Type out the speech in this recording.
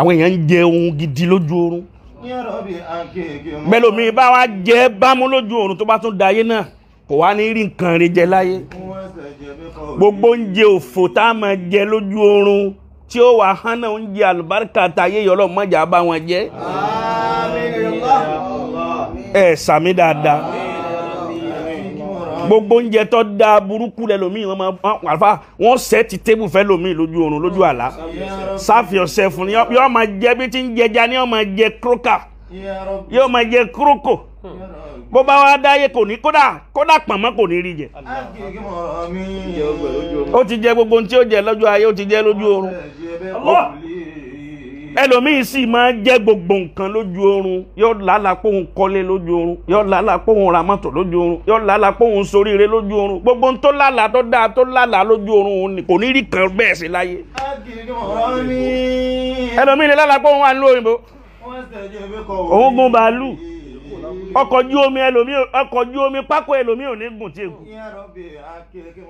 àwọn èèyàn ń jẹ ohun gidi lójú oorun mẹlòmíì bá wa jẹ bámú lójú oorun tó bá tún da ayé náà kò wá ní rí nǹkan rí jẹ láyé gbogbo oúnjẹ òfò tá a máa jẹ lójú oorun tí ó wà hánà oúnjẹ àlùbáríkà tayé yọlọ mọjà bá wọn jẹ ẹ sàmì dáadáa gbogbo oúnjẹ tó da burúkú lẹ lómi wọn máa àlùfáà wọn sẹ ti tébù fẹ lómi lójú oorun lójú àlá sáfì ọsẹ fún ni yọọ máa jẹ bí ti ń jẹja ni yọọ máa jẹ kúrókà yóò máa jẹ kúrókò bó bá wá dáyé kò ní kódà kódà pọ̀nmọ́ kò ní rí jẹ. ó ti jẹ gbogbo ohun tí ó jẹ lọ́jọ́ ayé ó ti jẹ lójú oorun ẹlòmíì sì máa jẹ́ gbogbo nǹkan lójú oorun yóò lálàá pé òun kọ́lé lójú oorun yóò lálàá pé òun ra mọ́tò lójú oorun yóò lálàá pé òun soríire lójú oorun gbogbo tó lálàá tó dáa tó lálàá lójú oorun òun kò ní rí kan bẹ́ẹ̀ sí láyé. ẹlòmíì lè lálàá pé òun wà ní òyìnbó òun gun bàálù ọkọ̀ ojú omi ẹlòmíì ọkọ̀ ojú omi pákó ẹlòmíì ò ní gùn tí èkó.